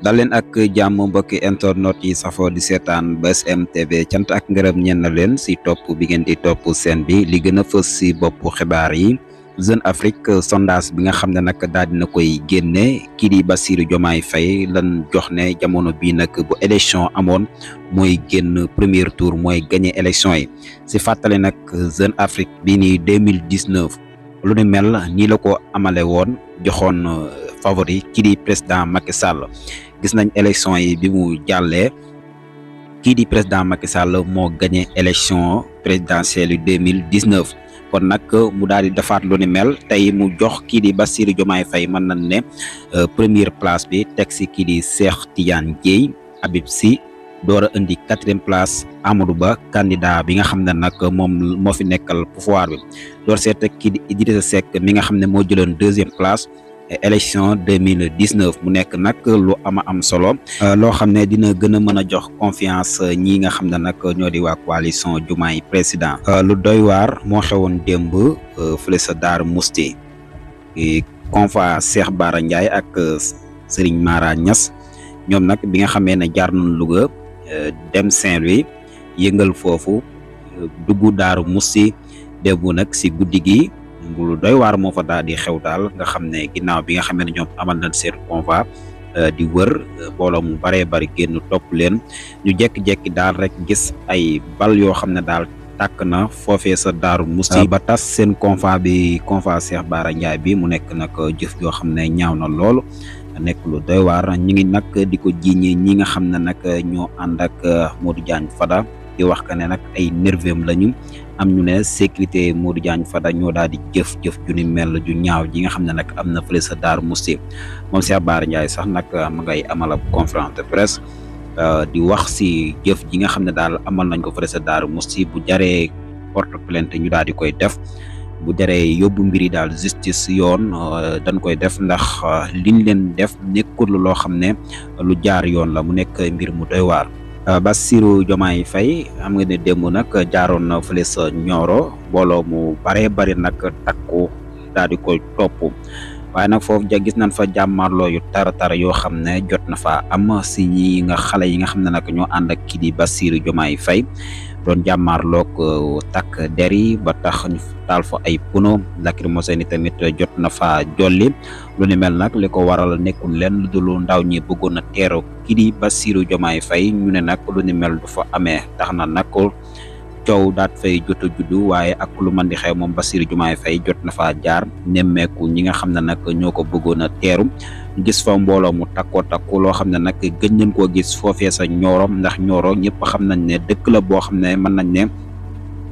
dal leen ak jàmm mbokki internet yi safoo di seetaan ba M TV cant ak ngërëm ñen na leen si topp bi ngeen di topp seen bi li gën a fës si bopp xibaar yi Jeune Afrique sondage bi nga xam ne nag daal dina koy génne kii di Bassirou Diomaye Faye lan jox ne jamono bii nag bu élection amoon mooy génn premier tour mooy gagné élection yi si fàttali nag Jeune Afrique bi ni 2019 lu ni mel nii la ko amale woon joxoon favori kii di président Macky Sall gis nañ élection yi bi mu jàllee kii di président Macky Sall moo gagné élection présidentielle 2019 kon nag euh, mu daal di defaat lu ni mel tey mu jox kii di Bassirou Diomaye Faye mën nañ ne euh, première place bi teg si kii di Cheikh Tidiane Dièye Habib Sy door a indi quatrième place Amadou Ba candidat bi nga xam ne nag moom moo fi nekkal pouvoir bi door seet teg kii di Idrissa Seck mi nga xam ne moo jëloon deuxième place. élection 2019 mu nekk nag lu ama am solo euh, loo xam ne dina gën a mën a jox confiance ñi nga xam ne nag ñoo di waa coalition Diomaye président euh, lu doy waar moo xewoon démb euh, fële sa Daar Musti convoi Cheikh Bara Ndiaye ak Serigne Mara Niass ñoom nag bi nga xamee ne jaar nañ Louga dem saint wi yëngal foofu dugg daar Musti démb nag si guddi gi lu doy waar moo fa daal di xew daal nga xam ne ginnaaw bi nga xamee ne ñoom amal na seen convoi euh, di wër euh, mbooloo mu baree bari génn topp leen ñu jekki-jekki daal rek gis ay bal yoo xam ne daal takk na foofee sa daaru musti ah, ba tas seen convoi bi convoi Cheikh Bara Ndiaye bi mu nekk nag euh, jëf yoo xam ne ñaaw na lool nekk lu doy waar ñu ngi nag di ko jiiñee ñi nga xam ne nag ñoo ànd ak Modou Diagne Fada di wax kané nak ay nerveum lañu am ñu né sécurité Modou Diagne da ñoo daal di jëf jëf ju ni mel ju ñaaw ji nga xamné nak amna am sa daar musse mom Cheikh bar ndjay sax nak euh, ma ngay amal conférence de presse euh, di wax ci jëf ji nga xamné daal amal nañ ko fële sa daar musse bu jaré porte plainte ñu daal di koy def bu jaree yobbu mbiri daal justice yoon euh, dañ koy def ndax liñ leen def nekkul lo xamné lu jaar yoon la mu nekk mbir mu doy waar Euh, Bassirou Diomaye fay am nga ne démb nag jaaroon na fële sa Nioro mbooloo mu bare bari nag takku daal di koy topp waaye nag foofu ja gis nañ fa jàmmarloo yu tara tara yoo xam ne jot na fa am si ñi nga xale yi nga xam ne nag ñoo ànd ak kii di Bassirou Diomaye Faye doon jàmmarloog uh, takk der yi ba tax ñu taal fa ay puno ni tamit jot na fa jolli lu ni mel nag li ko waral nekkul leen lu dul ndaw ñi bëggoon a teeru kii di Bassirou Diomaye Faye ñu ne nag lu ni mel fa amee tax na nag coow daat fay jot a juddu waaye ak lu mën di xew moom Bassirou Diomaye Faye jot na faa jaar nemmeeku ñi nga xam ne nag ñoo ko bëggoon a teeru gis fa mbooloo mu takkoo takku loo xam ne nag gën nañ koo gis foofee sa ñooro ndax ñooroo ñëpp xam nañ ne dëkk la boo xam ne mën nañ ne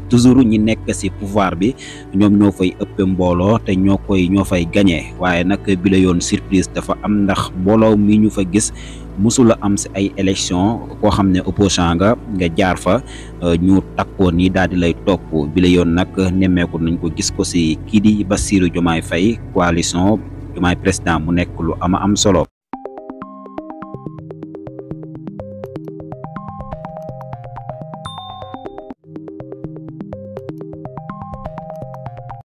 toujours ñi nekk ci pouvoir bi ñoom ñoo fay ëpp mbooloo te ñoo koy ñoo fay gañee waaye nag bi la yoon surprise dafa am ndax mbooloo mi ñu fa gis musula am si ay élection koo xam ne opposant nga nga jaar fa euh, ñu takkoon ni daal di lay topp bi la yoon nag nemmeeku nañ ko gis ko si kii di Bassirou Diomaye Faye coalition Diomaye président mu nekk lu ama am solo